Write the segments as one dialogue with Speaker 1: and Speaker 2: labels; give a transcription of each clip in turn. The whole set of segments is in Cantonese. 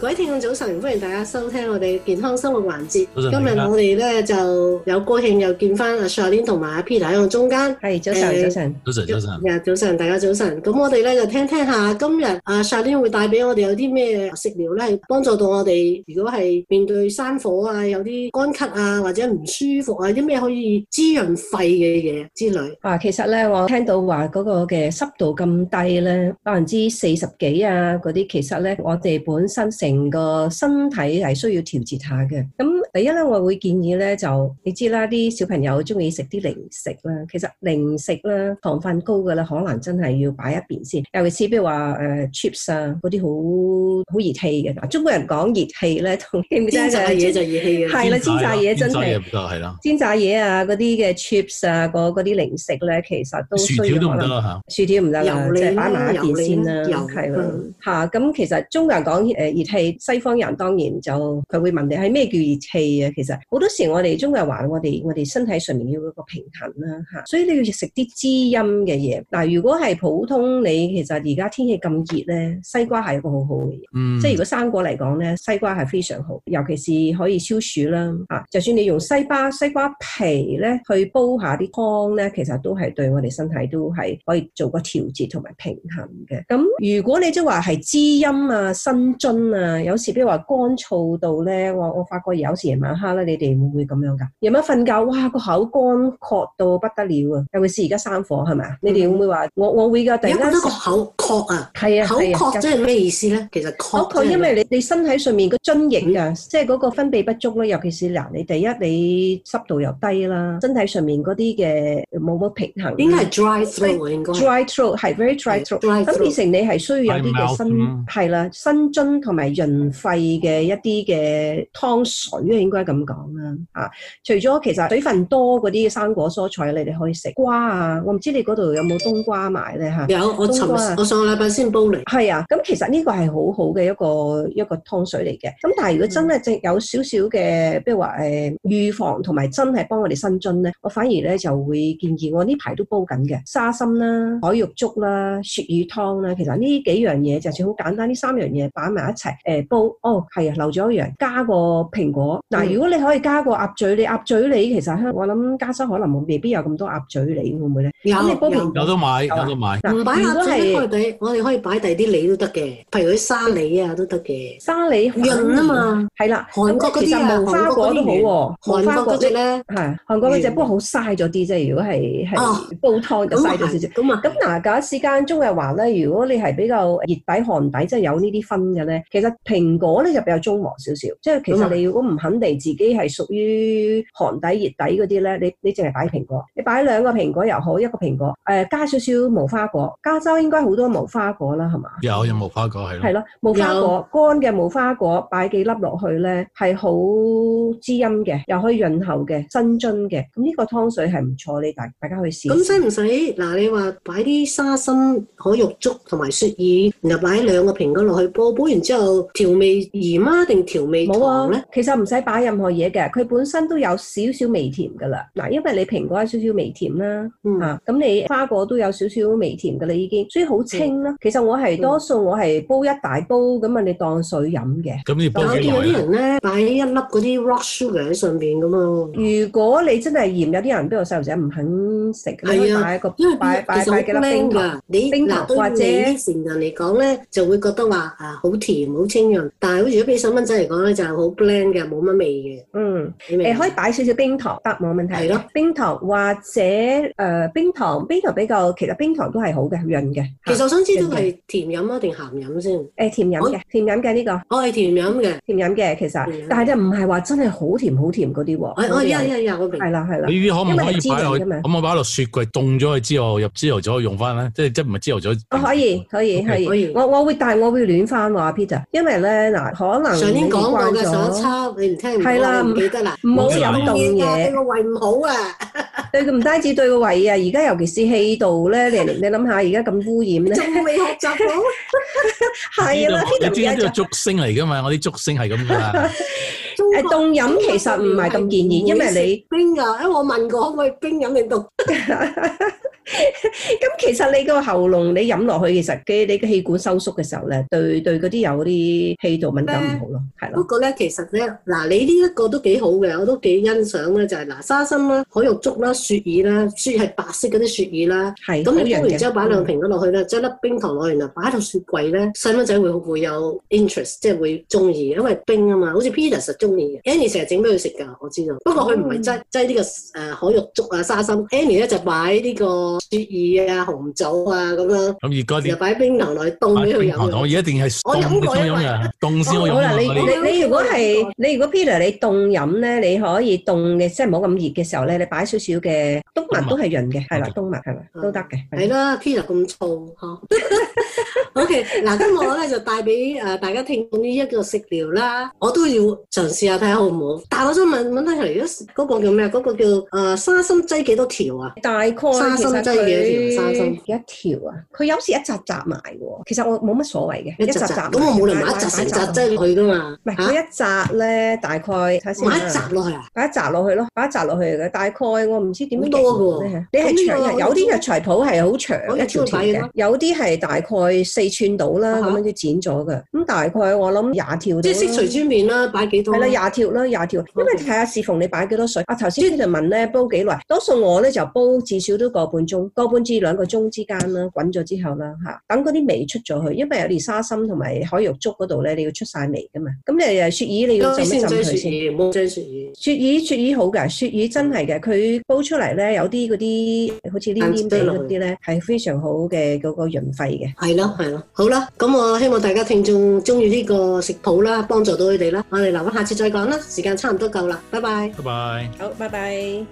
Speaker 1: 各位聽眾早晨，歡迎大家收聽我哋健康生活環節。早晨，今日我哋咧就有高興又見翻阿 Shaun 同埋阿 Peter 喺我中間。係，早晨，欸、早晨，早晨，早晨，早晨，大家早晨。咁我哋咧就聽聽一下，今日阿 Shaun 會帶俾我哋有啲咩食療咧，幫助到我哋，如果係面對山火啊，有啲乾咳啊，或者唔舒服啊，啲咩可以滋潤肺嘅嘢之類。四十啊那，其實咧我聽到話嗰個嘅
Speaker 2: 濕度咁低咧，百分之四十幾啊嗰啲，其實咧我哋本身成成個身體係需要調節下嘅。咁第一咧，我會建議咧，就你知啦，啲小朋友中意食啲零食啦，其實零食啦，糖分高嘅咧，可能真係要擺一邊先。尤其是譬如話誒 chips 啊，嗰啲好好熱氣嘅。中國人講熱氣咧，同煎炸嘢就熱氣嘅，係啦，煎炸嘢真係，係啦，煎炸嘢啊，嗰啲嘅 chips 啊，嗰啲零食咧，其實都需要薯條都唔得啦嚇，薯條唔得啦，即係擺埋一邊先啦，係啦嚇。咁其實中國人講誒熱氣。西方人當然就佢會問你係咩叫熱氣啊？其實好多時我哋中國人話我哋我哋身體上面要一個平衡啦嚇，所以你要食啲滋陰嘅嘢。嗱、嗯，如果係普通你其實而家天氣咁熱咧，西瓜係一個好好嘅嘢，即係如果生果嚟講咧，西瓜係非常好，尤其是可以消暑啦嚇。就算你用西巴西瓜皮咧去煲下啲湯咧，其實都係對我哋身體都係可以做個調節同埋平衡嘅。咁如果你即係話係滋陰啊、生津啊。有時比如話乾燥到咧，我我發覺有時夜晚黑咧，你哋會唔會咁樣噶？夜晚瞓覺，哇個口乾渴到不得了啊！尤其是而、嗯嗯、家生火係咪啊？你哋會唔會話我我
Speaker 1: 會㗎？第一覺得個口渴啊，係啊，口渴即係咩意思咧？其實口渴因為你
Speaker 2: 你身體上面個津液啊，嗯、即係嗰個分泌不足咧。尤其是嗱，你第一你濕度又低啦，身體上面嗰啲嘅冇乜平衡，應該係 dry throat，dry throat 係 very dry throat，咁變成你係需要有啲嘅新係啦，新津同埋。潤肺嘅一啲嘅湯水啊，應該咁講啦啊。除咗其實水分多嗰啲生果蔬菜，你哋可以食瓜啊。我唔知你嗰度有冇冬瓜賣咧嚇？啊、有，我瓜尋我上個禮拜先煲嚟。係啊，咁其實呢個係好好嘅一個一個湯水嚟嘅。咁但係如果真係即係有少少嘅，譬如話誒、呃、預防同埋真係幫我哋生津咧，我反而咧就會建議我呢排都煲緊嘅沙參啦、海玉竹啦、雪耳湯啦。其實呢幾樣嘢就似好簡單，呢三樣嘢擺埋一齊。誒煲哦，係啊，漏咗一樣，加個蘋果。嗱，如果你可以加個鴨嘴，你鴨嘴你其實
Speaker 1: 香，我諗加州可能未必有咁多鴨嘴，你會唔會
Speaker 2: 咧？有有都
Speaker 3: 買，有得買。唔
Speaker 1: 擺鴨嘴我哋可以擺第啲梨都得嘅，譬如啲沙梨啊都得嘅。沙
Speaker 2: 梨潤啊嘛，係啦，韓國嗰隻韓國嗰隻韓國嗰隻咧係韓國嗰隻，不過好嘥咗啲啫。如果係係煲湯就嘥咗少少。咁啊，咁嗱假時間中嘅話咧，如果你係比較熱底寒底，即係有呢啲分嘅咧，其實。蘋果咧就比較中和少少，即係其實你如果唔肯定自己係屬於寒底熱底嗰啲咧，你你淨係擺蘋果，你擺兩個蘋果又好，一個蘋果，誒、呃、加少少無花果，加州應該好多無花果啦，係嘛？
Speaker 1: 有有無花果係。係咯，
Speaker 2: 無花果乾嘅有無花果擺幾粒落去咧，係好滋陰嘅，又可以潤喉嘅，生津嘅，咁呢個湯水係唔錯，你大大家去試。咁使唔
Speaker 1: 使嗱？你話擺啲沙參、海玉竹同埋雪耳，然後擺兩個蘋果落去煲，煲完之後。調味鹽啊，定調味糖咧？其實唔使擺任何嘢嘅，佢本身都有少少微甜
Speaker 2: 噶啦。嗱，因為你蘋果有少少微甜啦，啊，咁你花果都有少少微甜噶啦已經，所以好清咯。其實我係多數我係煲一大煲咁啊，你當水飲嘅。
Speaker 3: 咁你有啲有啲人咧，擺一粒
Speaker 2: 嗰啲 rock sugar 喺上邊咁啊。如果你
Speaker 1: 真係嫌，有啲人比如細路仔唔肯食，
Speaker 3: 係啊，
Speaker 2: 擺擺擺幾粒冰糖？冰糖或者
Speaker 1: 成人嚟講咧，就會覺得話啊好甜清潤，但好似比果俾細蚊仔嚟講咧，就係好 bland 嘅，冇
Speaker 2: 乜味嘅。嗯，可以擺少少冰糖，得，冇問題。咯，冰糖或者冰糖，冰糖比較其實冰糖都係好嘅，潤嘅。其實
Speaker 1: 我想知道係甜飲啊定鹹飲先？
Speaker 2: 甜飲嘅，甜飲嘅呢個。我係甜飲嘅，甜飲嘅其實，但係就唔係話真係好甜好甜嗰啲喎。我我依家依家我啦係啦。呢可唔可以擺落？咁
Speaker 3: 我擺落雪櫃凍咗去之後，入之後早可以用翻咧。即係即唔係之後咗？
Speaker 2: 可以可以可以。我我會但我會暖翻喎，Peter。因為咧嗱，可能上天講過嘅上週你唔聽唔
Speaker 1: 記得啦，唔好飲
Speaker 2: 凍嘢，對個胃
Speaker 1: 唔好啊！
Speaker 2: 對佢唔單止對個胃啊，而家尤其是氣道咧，你諗下而家咁污染咧，仲
Speaker 3: 未學習到。係啊，呢度呢度竹升嚟噶嘛，我啲竹升係咁噶啦。
Speaker 2: 誒，凍飲其實唔係咁建議，因為你冰
Speaker 1: 啊，我問過，可唔可以冰飲定凍？
Speaker 2: 咁 其實你個喉嚨你飲落去，其實嘅你個氣管收縮嘅時候咧，對對嗰啲有嗰啲氣道敏感唔好
Speaker 1: 咯，係啦。不過咧，其實咧，嗱你呢一個都幾好嘅，我都幾欣賞咧，就係、是、嗱沙參啦、海玉竹啦、雪耳啦，雪係白色嗰啲雪耳啦。係是。咁你煲完之後擺兩瓶咗落去咧，將粒冰糖落完啦，擺喺度雪櫃咧，細蚊仔會有、就是、會有 interest，即係會中意，因為冰啊嘛，好似 Peter 實中意嘅，Annie 成日整俾佢食㗎，我知道。不過佢唔係擠擠呢個誒海玉竹啊、沙參、嗯、Annie 咧就擺呢、這個。雪
Speaker 3: 耳啊、紅棗啊咁樣，又
Speaker 1: 擺冰糖落去凍嗰度飲。我而
Speaker 3: 家一定係我飲過飲嘅，凍先我飲。
Speaker 1: 你你你如
Speaker 2: 果係你如果 Peter 你凍飲咧，你可以凍嘅，即係冇咁熱嘅時候咧，你擺少少嘅冬蜜都係潤嘅，係啦，冬蜜係咪都得嘅？係咯，Peter 咁燥
Speaker 1: 呵。O K. 嗱，今日我咧就帶俾誒大家聽呢一個食療啦，我都要嘗試下睇下好唔好？但係我想問問得嚟，嗰個叫咩？嗰個叫誒沙參劑幾多條啊？大概沙參劑幾多條？沙參一條啊？佢
Speaker 2: 有時一扎紮埋喎。其實我冇乜所謂嘅，一扎紮。咁我冇理由買一紮成紮劑
Speaker 1: 佢㗎嘛？唔
Speaker 2: 係，一紮咧大概睇先。買一紮落去啊！買一紮落去咯，買一紮落去嘅大概我唔知點多嘅，你係長有啲藥材鋪係好長一條條嘅，有啲係大概。四寸到啦，咁樣啲剪咗嘅，咁、uh huh. 大概我諗廿條。即係識隨豬
Speaker 1: 面啦，擺幾多？係啦，廿
Speaker 2: 條啦，廿條。Okay. 因為睇下侍奉，你擺幾多水？阿頭先就問咧，煲幾耐？多數我咧就煲至少都個半鐘，個半至兩個鐘之間啦，滾咗之後啦嚇，等嗰啲味出咗去。因為有啲沙參同埋海玉竹嗰度咧，你要出晒味㗎嘛。咁你誒，雪耳你要浸一浸佢先。冇浸、嗯、雪耳，雪耳，雪耳好嘅，雪耳真係
Speaker 1: 嘅，佢煲出嚟咧有啲嗰啲好似黏黏哋嗰啲咧，係非常好嘅嗰、嗰個潤肺嘅。係咯。好啦，咁我希望大家聽眾中意呢個食譜啦，幫助到佢哋啦，我哋留返下次再講啦，時間差唔多夠啦，拜拜，拜拜，好，拜拜。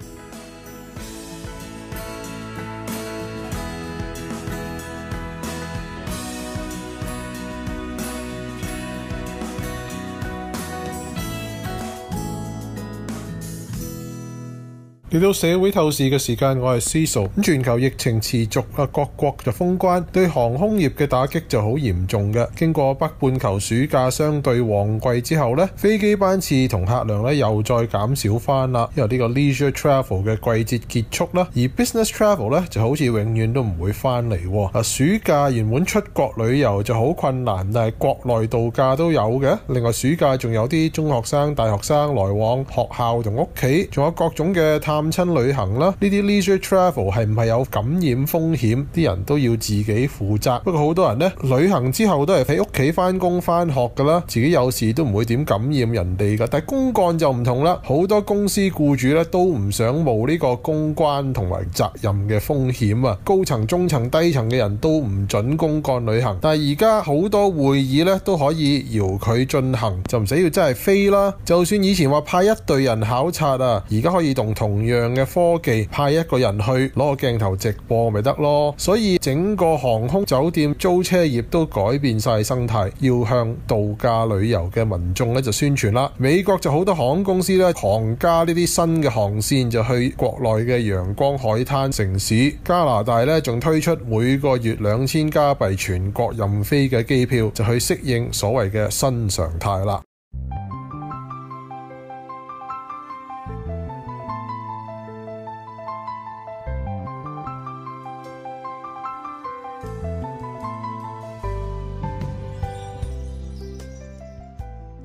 Speaker 4: 嚟到社會透視嘅時間，我係 Cecil。咁全球疫情持續啊，各國就封關，對航空業嘅打擊就好嚴重嘅。經過北半球暑假相對旺季之後呢，飛機班次同客量呢又再減少翻啦，因為呢個 leisure travel 嘅季節結束啦。而 business travel 呢就好似永遠都唔會翻嚟。啊，暑假原本出國旅遊就好困難，但係國內度假都有嘅。另外暑假仲有啲中學生、大學生來往學校同屋企，仲有各種嘅探親旅行啦，呢啲 leisure travel 係唔係有感染風險？啲人都要自己負責。不過好多人呢，旅行之後都係喺屋企翻工翻學噶啦，自己有事都唔會點感染人哋噶。但係公幹就唔同啦，好多公司僱主咧都唔想冒呢個公關同埋責任嘅風險啊。高層、中層、低層嘅人都唔准公幹旅行。但係而家好多會議咧都可以遙距進行，就唔使要真係飛啦。就算以前話派一隊人考察啊，而家可以同同。樣嘅科技，派一個人去攞個鏡頭直播咪得咯，所以整個航空酒店、租車業都改變晒生態，要向度假旅遊嘅民眾咧就宣傳啦。美國就好多航空公司咧，行家呢啲新嘅航線就去國內嘅陽光海灘城市，加拿大咧仲推出每個月兩千加幣全國任飛嘅機票，就去適應所謂嘅新常態啦。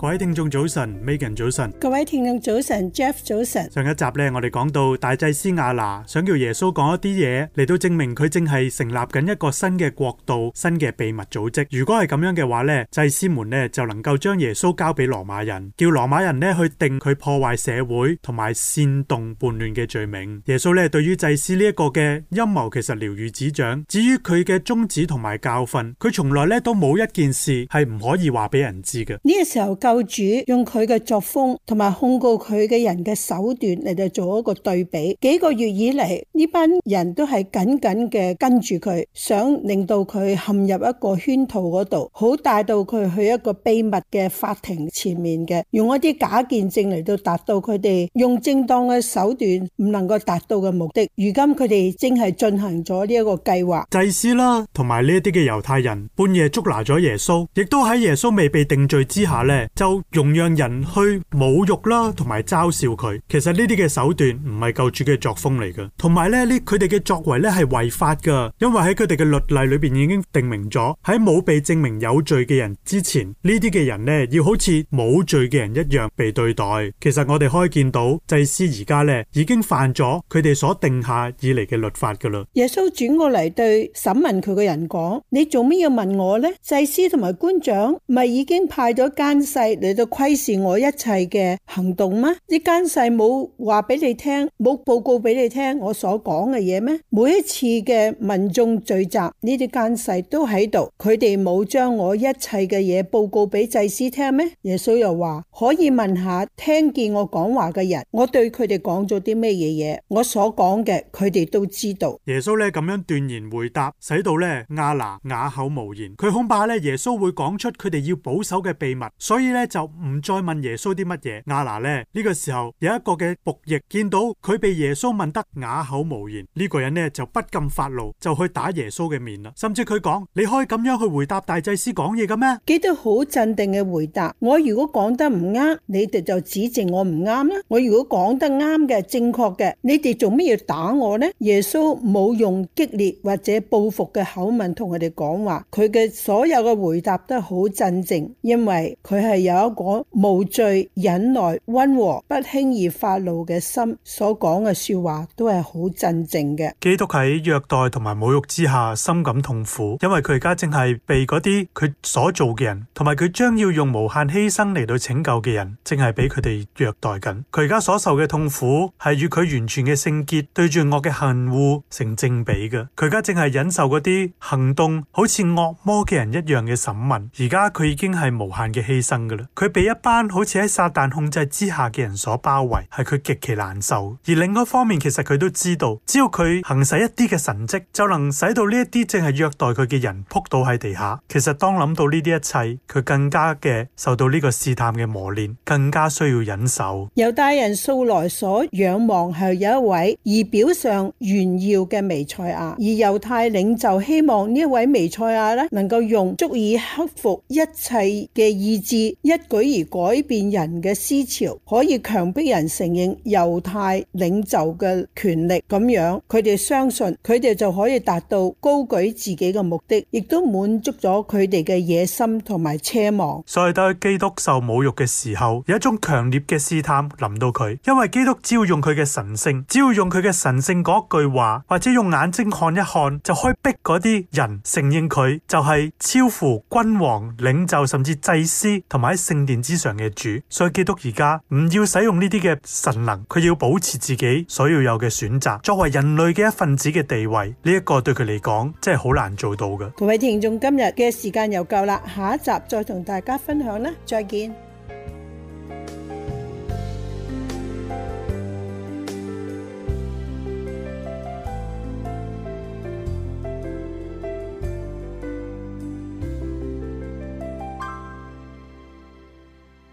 Speaker 3: 各位聽眾早晨，Megan 早晨，
Speaker 5: 各位聽眾早晨，Jeff 早晨。
Speaker 3: 上一集咧，我哋講到大祭司亞拿想叫耶穌講一啲嘢嚟到證明佢正係成立緊一個新嘅國度，新嘅秘密組織。如果係咁樣嘅話咧，祭司們咧就能夠將耶穌交俾羅馬人，叫羅馬人咧去定佢破壞社會同埋煽動叛亂嘅罪名。耶穌咧對於祭司呢一個嘅陰謀其實了如指掌。至於佢嘅宗旨同埋教訓，佢從來咧都冇一件事係唔可以話俾人知嘅。
Speaker 5: 呢個時候主用佢嘅作風同埋控告佢嘅人嘅手段嚟到做一個對比。幾個月以嚟，呢班人都係緊緊嘅跟住佢，想令到佢陷入一個圈套嗰度，好帶到佢去一個秘密嘅法庭前面嘅，用一啲假見證嚟到達到佢哋用正當嘅手段唔能夠達到嘅目的。如今佢哋正係進行咗呢一個計劃，
Speaker 3: 祭司啦，同埋呢一啲嘅猶太人，半夜捉拿咗耶穌，亦都喺耶穌未被定罪之下咧。又容讓人去侮辱啦，同埋嘲笑佢。其實呢啲嘅手段唔係救主嘅作風嚟嘅，同埋咧呢佢哋嘅作為咧係違法噶，因為喺佢哋嘅律例裏邊已經定明咗，喺冇被證明有罪嘅人之前，呢啲嘅人咧要好似冇罪嘅人一樣被對待。其實我哋可以見到祭司而家咧已經犯咗佢哋所定下以嚟嘅律法噶啦。
Speaker 5: 耶穌轉過嚟對審問佢嘅人講，你做咩要問我咧？祭司同埋官長咪已經派咗奸細。你都窺視我一切嘅行動嗎？啲奸細冇話俾你聽，冇報告俾你聽我所講嘅嘢咩？每一次嘅民眾聚集，呢啲奸細都喺度，佢哋冇將我一切嘅嘢報告俾祭司聽咩？耶穌又話：可以問下聽見我講話嘅人，我對佢哋講咗啲咩嘢嘢？我所講嘅，佢哋都知道。
Speaker 3: 耶穌咧咁樣斷然回答，使到咧亞拿啞口無言。佢恐怕咧耶穌會講出佢哋要保守嘅秘密，所以，咧就唔再問耶穌啲乜嘢。亞拿咧呢個時候有一個嘅僕役見到佢被耶穌問得啞口無言，呢、呢個人呢就不禁發怒，就去打耶穌嘅面啦。甚至佢講：，你可以咁樣去回答大祭司講嘢嘅咩？
Speaker 5: 基督好鎮定嘅回答：，我如果講得唔啱，你哋就指正我唔啱啦。我如果講得啱嘅、正確嘅，你哋做咩要打我呢？耶穌冇用激烈或者報復嘅口吻同佢哋講話，佢嘅所有嘅回答都好鎮靜，因為佢係。有一個無罪、忍耐、溫和、不輕易發怒嘅心，所講嘅說話都係好鎮靜嘅。
Speaker 3: 基督喺虐待同埋侮辱之下，深感痛苦，因為佢而家正係被嗰啲佢所做嘅人，同埋佢將要用無限犧牲嚟到拯救嘅人，正係俾佢哋虐待緊。佢而家所受嘅痛苦，係與佢完全嘅聖潔對住惡嘅恨惡成正比嘅。佢而家正係忍受嗰啲行動好似惡魔嘅人一樣嘅審問。而家佢已經係無限嘅犧牲的。佢被一班好似喺撒旦控制之下嘅人所包圍，係佢極其難受。而另外方面，其實佢都知道，只要佢行使一啲嘅神跡，就能使到呢一啲正係虐待佢嘅人撲倒喺地下。其實當諗到呢啲一切，佢更加嘅受到呢個試探嘅磨練，更加需要忍受。
Speaker 5: 猶大人素來所仰望係有一位儀表上炫耀嘅彌賽亞，而猶太領袖希望呢一位彌賽亞能夠用足以克服一切嘅意志。一舉而改變人嘅思潮，可以強迫人承認猶太領袖嘅權力咁樣，佢哋相信佢哋就可以達到高舉自己嘅目的，亦都滿足咗佢哋嘅野心同埋奢望。
Speaker 3: 所以當基督受侮辱嘅時候，有一種強烈嘅試探臨到佢，因為基督只要用佢嘅神聖，只要用佢嘅神聖嗰句話，或者用眼睛看一看，就可以逼嗰啲人承認佢就係超乎君王、領袖甚至祭司同埋。聖殿之上嘅主，所以基督而家唔要使用呢啲嘅神能，佢要保持自己所要有嘅選擇，作為人類嘅一份子嘅地位，呢一個對佢嚟講真係好難做到嘅。
Speaker 5: 各位聽眾，今日嘅時間又夠啦，下一集再同大家分享啦，再見。